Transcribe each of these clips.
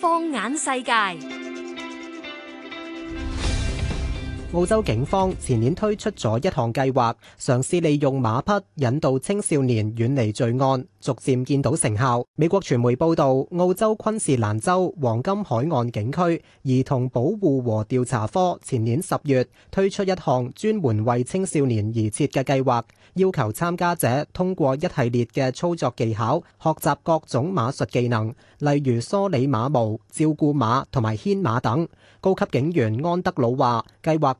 放眼世界。澳洲警方前年推出咗一項計劃，嘗試利用馬匹引導青少年遠離罪案，逐漸見到成效。美國傳媒報道，澳洲昆士蘭州黃金海岸警區兒童保護和調查科前年十月推出一項專門為青少年而設嘅計劃，要求參加者通過一系列嘅操作技巧，學習各種馬術技能，例如梳理馬毛、照顧馬同埋牽馬等。高級警員安德魯話：計劃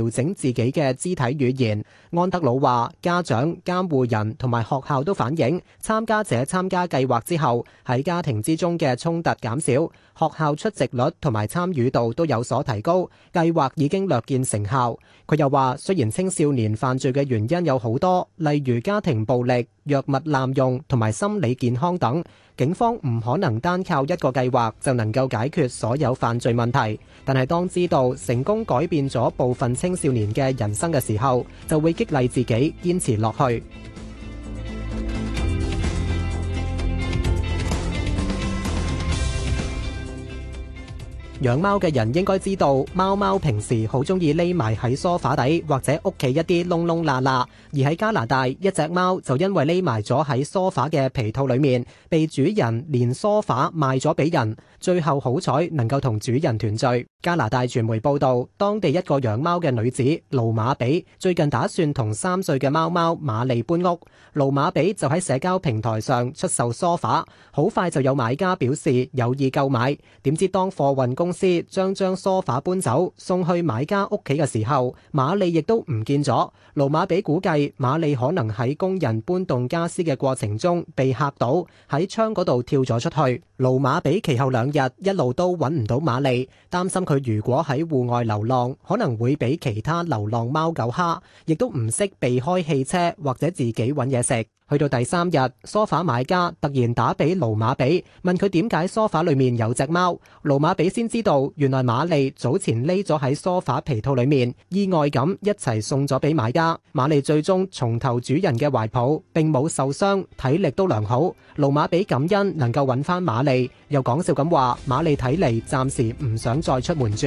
調整自己嘅肢體語言，安德魯話：家長、監護人同埋學校都反映，參加者參加計劃之後，喺家庭之中嘅衝突減少，學校出席率同埋參與度都有所提高，計劃已經略見成效。佢又話：雖然青少年犯罪嘅原因有好多，例如家庭暴力。藥物濫用同埋心理健康等，警方唔可能單靠一個計劃就能夠解決所有犯罪問題。但係當知道成功改變咗部分青少年嘅人生嘅時候，就會激勵自己堅持落去。.養貓嘅人應該知道，貓貓平時好鍾意匿埋喺梳化底，或者屋企一啲窿窿罅罅。而喺加拿大，一隻貓就因為匿埋咗喺梳化嘅皮套裏面，被主人連梳化賣咗俾人，最後好彩能夠同主人團聚。加拿大傳媒報道，當地一個養貓嘅女子盧馬比，最近打算同三歲嘅貓貓瑪麗搬屋。盧馬比就喺社交平台上出售梳化，好快就有買家表示有意購買，點知當貨運工公司將張梳化搬走，送去買家屋企嘅時候，馬利亦都唔見咗。盧馬比估計馬利可能喺工人搬動家私嘅過程中被嚇到，喺窗嗰度跳咗出去。盧馬比其後兩日一路都揾唔到馬利，擔心佢如果喺戶外流浪，可能會俾其他流浪貓狗蝦，亦都唔識避開汽車或者自己揾嘢食。去到第三日，梳化買家突然打俾盧馬比，問佢點解梳化裏面有隻貓。盧馬比先知道，原來馬利早前匿咗喺梳化皮套裏面，意外咁一齊送咗俾買家。馬利最終重投主人嘅懷抱，並冇受傷，體力都良好。盧馬比感恩能夠揾返馬利，又講笑咁話：馬利睇嚟暫時唔想再出門住。